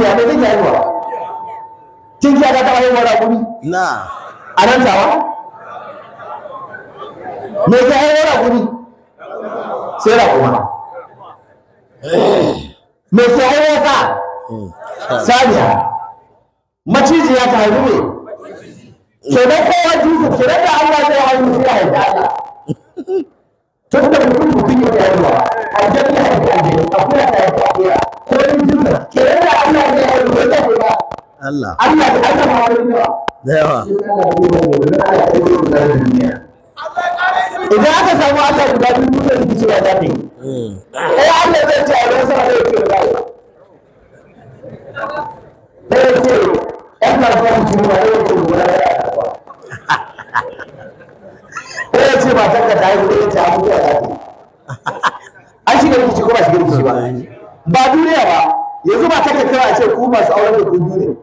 tinkiya da tinkiya yi wa tinkiya ta taɓa yin wara kuri na a nan tawa me ta yi wara kuri sai ra kuma me ta yi wata saniya maciji ya ta haifi ne kenan hmm. kowa jinsu kenan da Allah zai haifi sai ya Allah tun da mutum mutum ya yi ruwa aljan ya haifi aljan akuya ta haifi akuya ko yin jinna ke yana Allah ne ya haifi wanda ko ba Allah Allah da yi ma da yawa idan aka samu Allah guda biyu yi da rikici ya zafi ɗaya hmm. eh, Allah zai ce a ruwan sama zai ce ba yi ce ɗan kasuwa mutum ba zai ce ba ko ya ce matar ka ta haihu da ta abubuwa za ta yi an shiga rikici ko ba shiga rikici ba ba duniya ba yanzu ba ta kakkawa a ce ku masu auren da ku biyu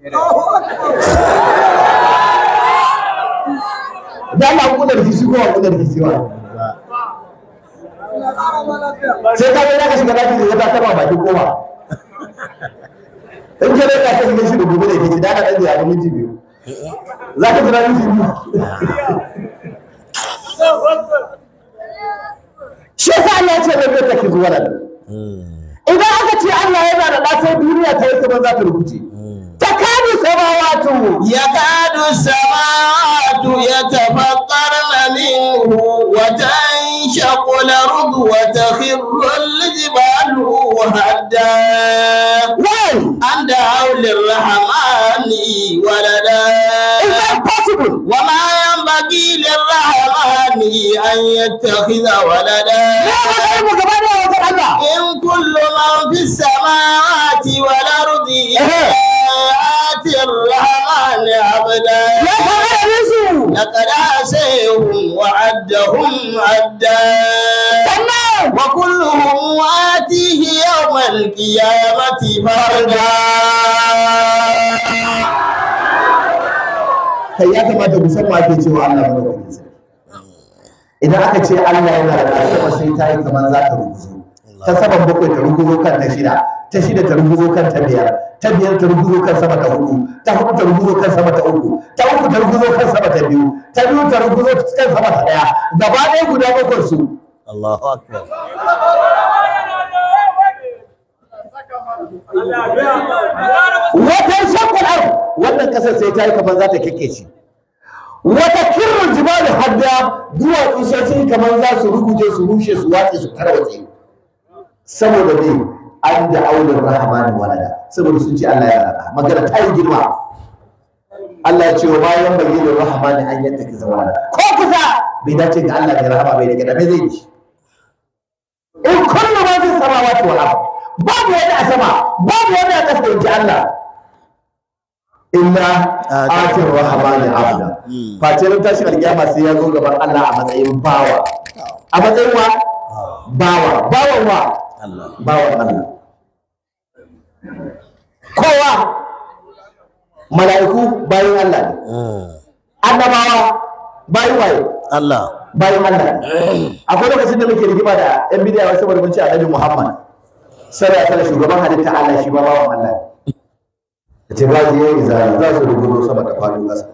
ne da Allah ku da rikici ko ku da rikici ba sai ka ga ka shiga daki da ta taba baki kowa in ke da ka shiga shi da gobe da ke da ka dan ya minti biyu za ka jira shi yasa Allah ya ce ne bai take zuwa nan idan aka ce Allah yana da ɗa sai duniya ta yi kamar za ta rubuce wa السماوات يكاد السماوات يتفطرن منه وتنشق الأرض وتخر الجبال هدا أن دعوا للرحمن ولدا wama yambagi lirrahmani an yattakhidha walada in kullu man fi samawati wal ardi ati arrahmani abda laqad asayhum wa'adahum adda wa kulluhum atihi yawma alqiyamati farda kai ya kamata ku san ake cewa Allah madaukakin sarki idan aka ce Allah yana da sama sai ta yi kamar za ta ruguzo ta saman bakwai ta ruguzo kan ta shida ta shida ta ruguzo kan ta biyar ta biyar ta ruguzo kan sama ta hudu ta hudu ta ruguzo kan sama ta uku ta uku ta ruguzo kan sama ta biyu ta biyu ta ruguzo kan sama ta daya gaba ɗaya guda bakwai su Allahu akbar wata shakul ar wannan kasar sai ta yi kamar za ta kike shi wata kirru jibali hadda duwatsu sai kamar za su rubuce su rushe su watse su tarwatse saboda ne an da aulin rahmanin walada saboda sun ce Allah ya rana magana ta yi girma Allah ya ce wa bayan bayyana rahmanin an yadda ka zama ko kusa bai dace ga Allah da rahama bai da gada bai zai yi in kullu ma fi samawati wal ardh babu wani a sama babu wani a ƙasa yanzu Allah illa ah, atir rahmani abda hmm. face ran tashi alƙiyama sai ya zo gaban Allah a matsayin bawa a matsayin wa bawa bawa wa bawa Allah kowa mala'iku bayin Allah ne hmm. annabawa bayin waye Allah Bayin Allah eh. akwai lokacin da muke rigima da yan bidiyawa saboda mun ce annabi Muhammad sai ya shugaban halitta Allah shi ba bawan Allah da ce ba shi yayi izali za su rubuto sama da faɗin ƙasa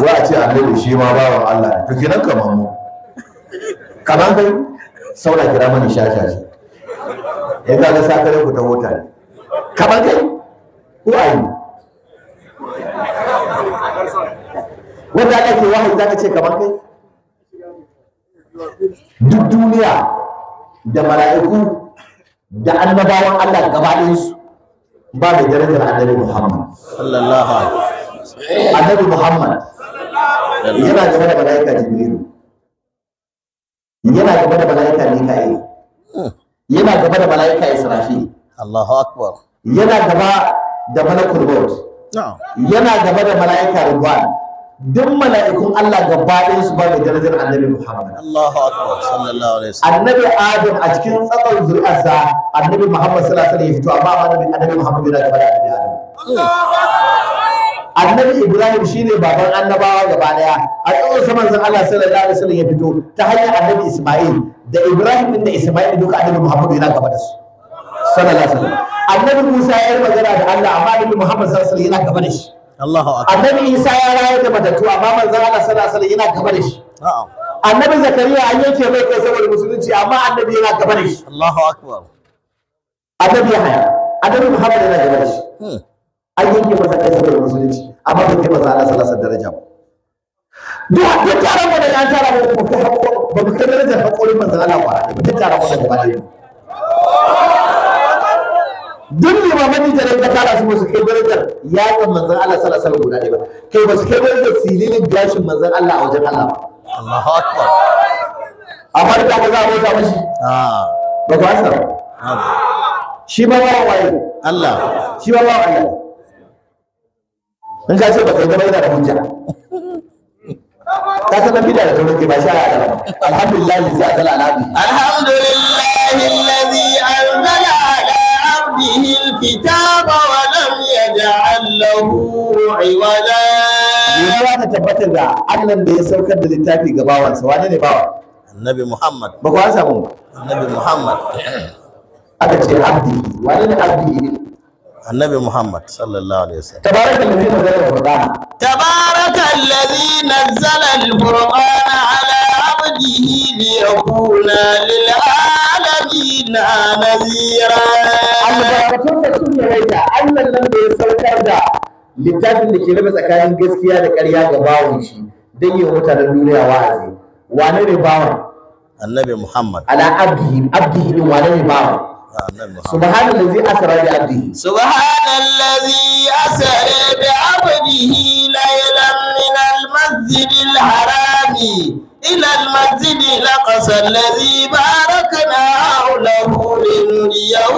wa a ce annabi shi ma bawan Allah to kenan kamar mu Kaman kai sauna kira mani shasha shi ya ga ga sakare ku ta hota ne kamar kai ko ai wanda ake wahayi za zaka ce kaman kai duk duniya da mala'iku da annabawan Allah gaba ɗayansu ba da darajar annabi Muhammad sallallahu alaihi annabi Muhammad yana gaba da malaika Jibril. yana gaba da malaika Mika'il yana gaba da malaika Israfil Allahu akbar yana gaba da malakul maut yana gaba da malaika Rubwan duk mala'ikun Allah gaba ɗaya su ba da darajar annabi Muhammad. Allahu akbar sallallahu alaihi wasallam. Annabi Adam a cikin tsakar zuri'arsa annabi Muhammad sallallahu alaihi wasallam ya fito amma annabi annabi Muhammad yana gaba da annabi Adam. Allahu akbar. Annabi Ibrahim shine baban annabawa gaba ɗaya. A tsakar saman zan Allah sallallahu alaihi wasallam ya fito ta hanyar annabi Isma'il da Ibrahim din da Isma'il duka annabi Muhammad yana gaba da su. Sallallahu alaihi wasallam. Annabi Musa ya yi magana da Allah amma annabi Muhammad sallallahu alaihi wasallam yana gaba da shi. annabi isa ya rayar da matattu amma manzon Allah sallallahu alaihi yana gaba da shi annabi zakariya an yanke mai kai saboda musulunci amma annabi yana gaba da shi Allahu akbar annabi yahaya annabi muhammad yana gaba da shi hmm. an yanke masa kai saboda musulunci amma bai kai masa Allah sallallahu alaihi daraja ba duk duk taron mu da an tara mu ba mu kai darajar hakurin manzon Allah ba duk taron mu da gaba da shi duk limaman nijar ka tara su basu kai darajar yaƙin manzon Allah sallallahu alaihi guda ɗaya ba kai basu kai darajar sililin gashin manzon Allah a wajen Allah A Allahu akbar ba za a bauta mashi ah. ba ku asar shi ba ba waye Allah shi ba ba Allah in ka ce ba kai gaba yana da hujja ka sanar bida da sauran ke ba shara da ba alhamdulillah sai a tsala nabi alhamdulillah alladhi anzala ala abdihi alkitaba wa lam yaj'al lahu iwala yiwuwa ta tabbatar da annan da ya saukar da littafi ga bawansa wane ne bawa annabi muhammad ba ku an samu ba annabi muhammad aka ce abdi wane ne abdi annabi Muhammad sallallahu alaihi wasallam وسلم تبارك الذي نزل القرآن تبارك الذي نزل القرآن على عبده ليكون للعالمين Allah nan da ya saukar da littafin da ke raba tsakanin gaskiya da ƙarya ga bawon shi yin mutanen duniya wa'azi wane ne bawon annabi muhammad ala abdihi abdihi wane ne bawon سبحان الذي أسرى بعبده سبحان الذي أسرى بعبده ليلا من المسجد الحرام إلى المسجد الأقصى الذي باركنا حوله لنريه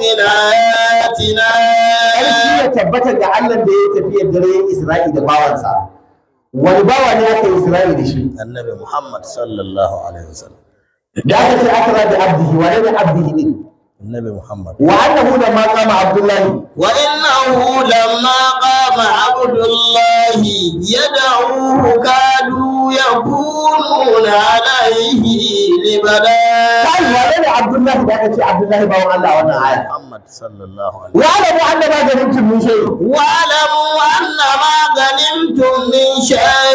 من آياتنا ya tabbatar da Allah da ya tafiyar dare Isra'i da bawansa wani bawa ne aka yi Isra'i da shi annabi Muhammad sallallahu alaihi wasallam da aka ce aka da abdihi wani ne abdihi النبي محمد وانه لما قام عبد الله وانه لما قام عبد الله يدعوه كادوا يكونون عليه لبدا كان عبد الله ده عبد الله بو الله وانا محمد صلى الله عليه وسلم واعلموا أن ما غنمتم من شيء واعلموا أن ما غنمتم من شيء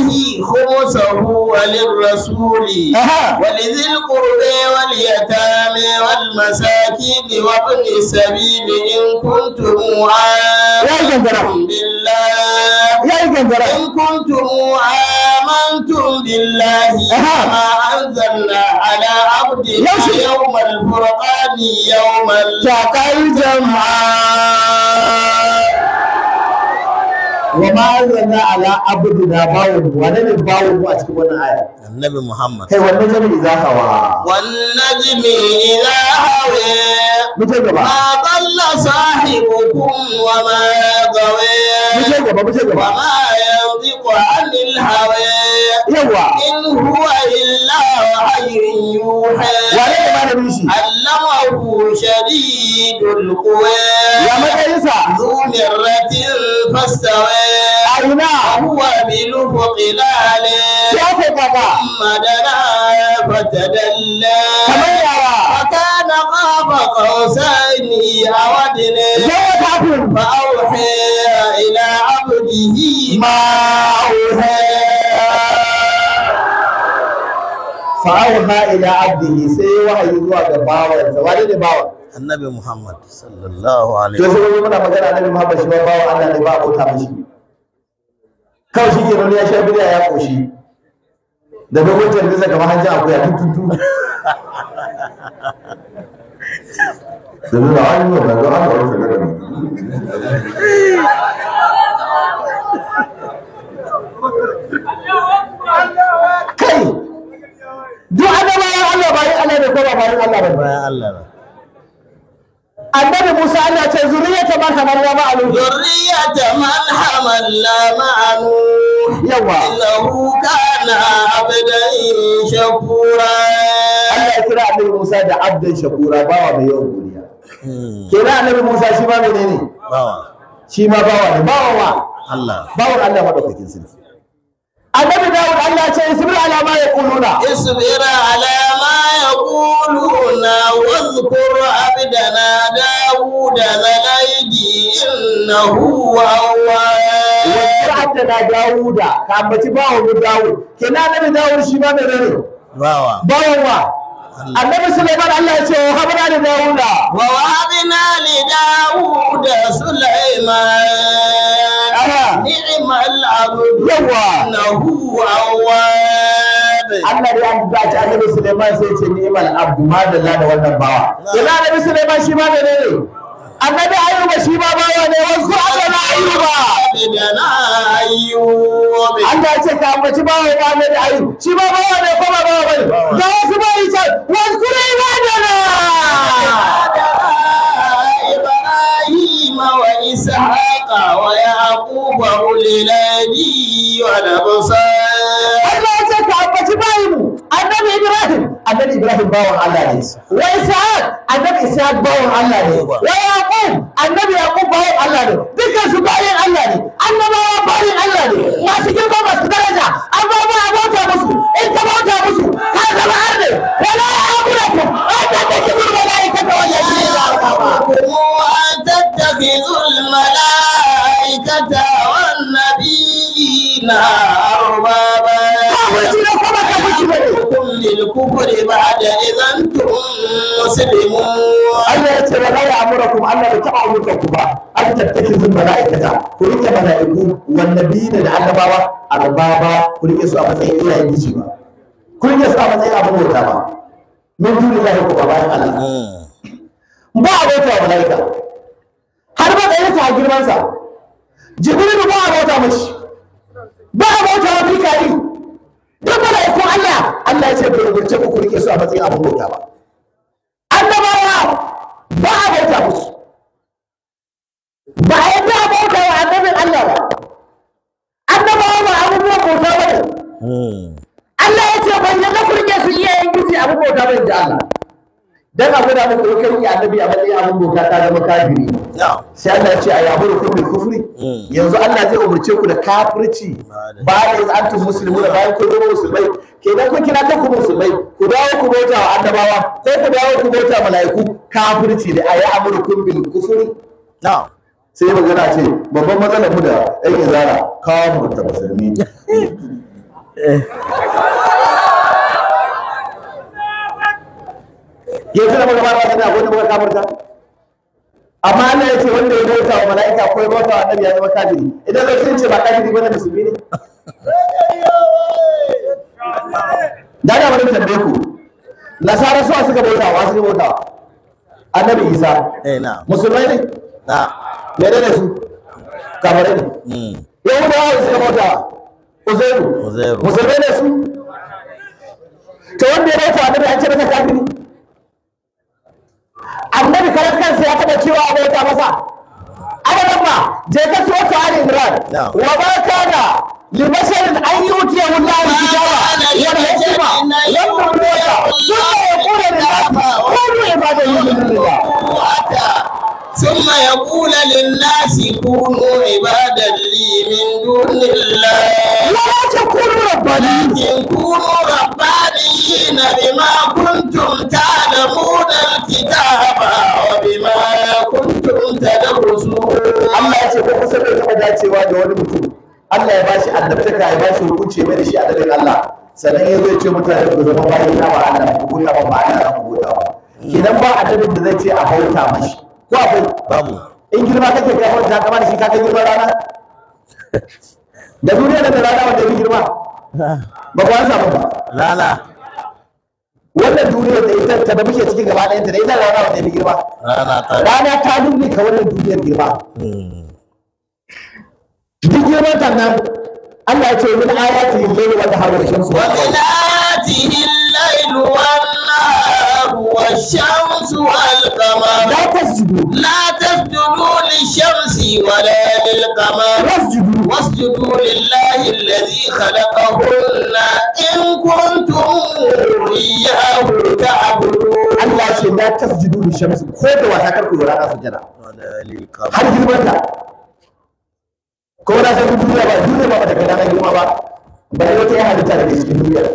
لله خمسه وللرسول ولذي القربى واليتامى والمساكين وابن السبيل إن كنتم آمنتم بالله إن كنتم آمنتم بالله ما أنزلنا على عبدنا يوم الفرقان يوم التقى الجمعان wa ma anzalna ala abdina bawun wane ne bawun a cikin wannan aya annabi muhammad kai wannan jami'i za ka wa wannan jami'i za hawe mutum gaba ma dalla sahibukum wa ma gawe muje gaba muje gaba wa ma yantiqu anil hawa yawa in huwa illa wahyun yuha wa ne da malamin shi allamahu shadidul quwa ya matsayinsa zu mirratin fastawa aina huwa bil ufuqil ali ya fa kaka madana fatadalla kamar yara na ƙafa ƙausani a wadi ne ba a wuhe ila abudihi ma wuhe fa'auha ila abdihi sai wahayi zuwa ga bawan sa wani ne bawan annabi muhammad sallallahu alaihi wasallam to sai muna magana annabi muhammad shi ba bawan Allah ne ba ko ta mishi kawai shi ke nan ya sha bidiya ya koshi da gwamnatin da kama mahajja akwai a Sebenarnya ayam lah, ada ayam orang sekarang. Kai, duk ada bayan Allah bayan Allah da Allah Allah annabi Musa ana ce zuriyata man hamalna ma anu zuriyata man hamalla ma anu yawa innahu kana abdan shakura Allah ya kira annabi Musa da abdan shakura bawa mai yawan godiya kira annabi Musa shi ba menene bawa shi ma bawa ne bawa wa Allah bawar Allah madaukakin sarki annabi dawud Allah ce isbir ala ma kuluna. isbir ala ma yaquluna na abdana dawud zalaidi innahu awwab wadhkur abdana dawud ka ambaci bawo dawud kenan annabi dawud shi ba da ne bawa bawa annabi Sulaiman Allah ya ce wa habna li Dawuda wa habna li Dawuda Sulaiman ni'mal abdu yawa nahu awwab Allah ya ambaci annabi Sulaiman sai ce ni'mal abdu madalla da wannan bawa ina annabi Sulaiman shi ma da ne annabi ayyuba shi ba bawa ne wasu aka na ayyuba Allah ya ce ka ambaci bawa ya annabi ayyuba shi ba bawa ne ko ba bawa bane ga wasu bayi can wasu kuma ibadana إبراهيم وإسحاق ويعقوب أولي الأيدي والأبصار ka ambaci bayin annabi Ibrahim annabi Ibrahim bawan Allah ne wa Ishaq annabi sa'ad bawan Allah ne wa Yaqub annabi Yaqub bawan Allah ne dukkan su bayin Allah ne annabawa bayin Allah ne masu girma masu daraja an ba a bauta musu in ka bauta musu ka zama arne wala aburaku atattakizu almalaikata wa yajina atattakizu almalaikata wan nabiyina بالكفر بعد إذا أنتم مسلمون لا يأمركم أن تتخذوا الملائكة كلك ملائكة والنبيين إلى يجيبا أبو من دون الله الله ba a bauta wa malaika har ba da yasa girman sa jibrilu ba a bauta ba a bauta wa duk Allah Allah ya ce bai umarce ku rike su a matsayin abin bauta ba annabawa ba a bauta musu ba a yadda a bauta wa annabin Allah ba annabawa ba abubuwan bauta ba ne hmm. Allah ya ce ban yadda ku rike su iyayen gizi abin bauta ba da Allah dan abu da muku wata riƙe annabi a matsayin abin doka ta zama kafiri sai Allah ya ce a yamuru ku bil kufri hmm. yanzu Allah zai umurce ku da kafirci ba da yanzu antum muslimuna bayan kun zama musulmai kenan kun kira kanku musulmai ku dawo ku bauta wa annabawa ko ku dawo ku bauta mala'iku kafirci da a yamuru kun bil kufri sai magana ce babban matsalar mu da yan zara, kawo mu ta musulmi yanzu da muka fara wasu na wanda muka ta, amma Allah ya ce wanda ya bauta wa mala'ika ko ya bauta wa annabi ya zama kafiri idan ka sun ce ba kafiri na musulmi ne da da wani tambaye ku nasara suwa suka bauta wa suka bauta annabi Isa eh, musulmai ne na me da su kafare ne hmm. yahudawa suka bauta uzairu uzairu musulmai ne su Ta wanda ya bauta wa annabi an ce masa kafiri annabi karar kansa ya taɓa cewa a bauta masa abadan ba je ka so ta ali imran wa ba kana libasharin an yi wuce wallahi kitaba wal ba yan nubuwa sun da ya kula da nasu kullu ruwa. ثم يقول للناس كونوا عبادا لي من دون الله ولا تكونوا ربانيين كونوا ربانيين بما كنتم تعلمون الكتاب وبما كنتم تدرسون الله يشكرك سبحانه وتعالى cewa da wani mutum Allah ya bashi annabtaka ya bashi hukunci mai da shi adalin Allah sannan ya zai ce mutane ku zama bayan na ba Allah ku huta ba ba Allah ku huta ba kidan ba adalin da zai ce a bauta mashi ko akwai babu in girma kake kai kawai ta kama da shi ka kai girma rana da duniya da rana wanda ya girma ba ku an samu ba lala wannan duniya da ita ta da muke cikin gaba ɗayanta da ita rana wanda ya girma rana ta dubbe ka wannan duniyar girma hmm. duk girman nan Allah ya ce min ayati lillahi wa ta'ala shamsu wa min ayati lillahi wa ta'ala والشمس والقمر لا تسجدوا لا تسجدوا للشمس ولا للقمر واسجدوا لله الذي خلقهن إن كنتم إياه تعبدون Allah ce la tasjudu li shams ko da wata kar ku rana sujada har girman ta ko da sai ku duniya ba duniya ba ta ga rana ba bare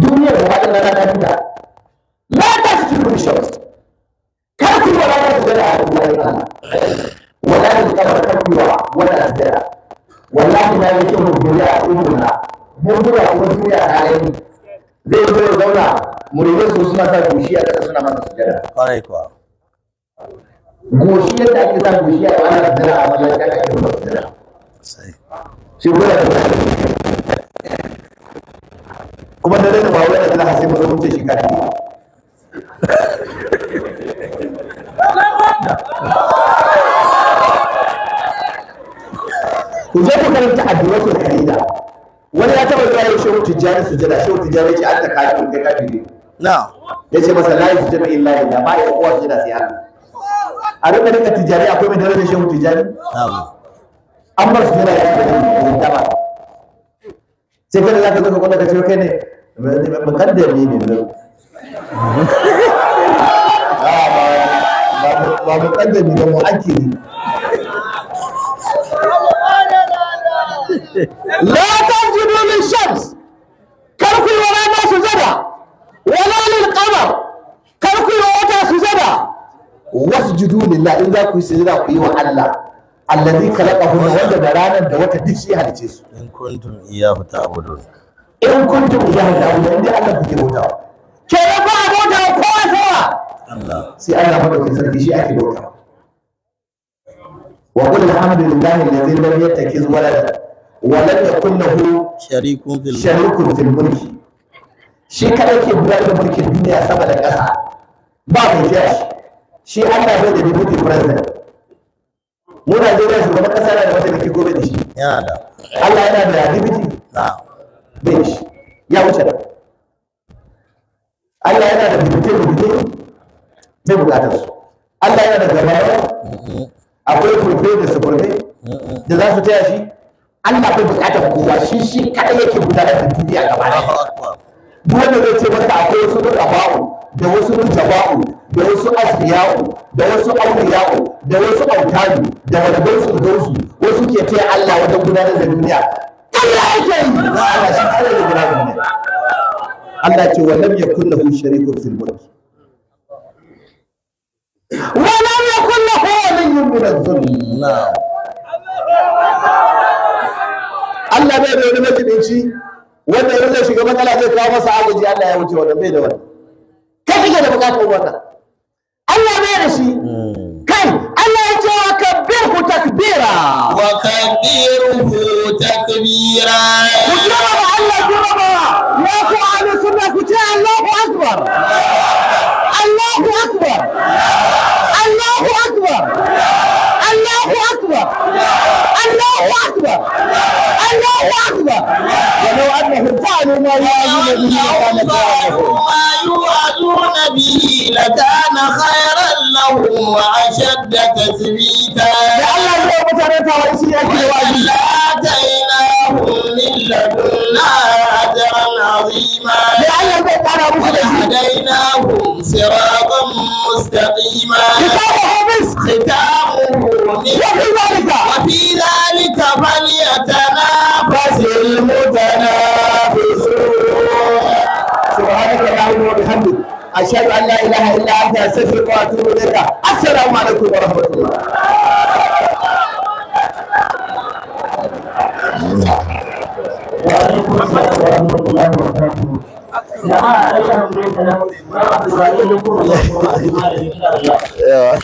duniyar da haɗin rana ta fita la ta su cikin shams kar ku wala ta su gada a ruwa ya kama wala ta kama kar ku wala wala ta gada wallahi na yi kyau duniya a tsibirna murmura kuma duniya a halin zai zo ya zauna muridai su suna sa goshi a ƙasa suna masa sujada kwarai kuwa goshi yadda ake sa goshi a ana sujada a wajen ƙasa ake masa sujada sai ko da ta kuma da rage ba wai da hasai ba zo shi kare ku je ku karanta addu'atul harida wani ya taba zuwa yau shehu tijjani jira, shehu tijjani ce an ta kafin da ne na ya ce masa layi sujada illa illa ba ya kowa jira sai Allah a rika rika tijjani akwai mai darajar shehu tijjani an bar jira ya ce da ba sai kada za ka zo ka kwallo ka ce kai ne bakar da ne ne ah, ba bakar ne ba mu ake ne la tajidu lil shams kar ku yi rana su zada wala lil qamar kar ku yi wata su zada wasjudu lillah in za ku yi sujada ku yi wa Allah allazi khalaqahum wanda da ranar da wata duk shi halice su in kuntum iyyahu ta'budun in mu kuntum da abu inda Allah kuke bautawa ke da ba bauta ko wa? sai Allah madaukakin sarki shi ake bauta. wa qul alhamdulillahi alladhi lam yattakhiz walada wa lam yakul lahu sharikun fil sharikun fil mulki shi kada ke gudanar da mulkin duniya sama da ƙasa ba mai jiya shi shi Allah bai da deputy president mu Najeriya shugaban ƙasa da wata da ke gobe da shi Allah yana da deputy na'am bai ya wuce da Allah yana da rubuce-rubuce zai bukatar su Allah yana da gabawa akwai kurfe da sukurfe da za su taya shi Allah bai bukatar kowa shi shi kaɗai yake gudanar da duniya gaba da duk wanda zai ce maka akwai wasu rukaba'u da wasu rujaba'u da wasu asbiya'u da wasu auriya'u da wasu autadu da wadabansu da wasu wasu ke taya Allah wajen gudanar da duniya Allah yake yi Allah ce wa lam yakun lahu sharikun fil mulk wa lam yakun lahu waliyyun min adh Allah bai da wani majalici wanda ya zai shiga matsala zai kawo masa agaji Allah ya wuce wannan bai da wani kai kike da bukatar wannan Allah bai da shi hmm. تكبيرا وكبيره تكبيرا الله السنة كتير الله أكبر الله أكبر الله أكبر الله أكبر الله أكبر الله اكبر ولو انهم فعلوا ما يوعدون به لكان خيرا لهم واشد تثبيتا لعل مترتها ويسيرك الواجب لاتيناهم من لدنا اجرا عظيما لعل وهديناهم صراطا مستقيما ختامه مسك ختامه وفي ذلك فليتنافس محمد اشهد ان لا اله الا انت استغفرك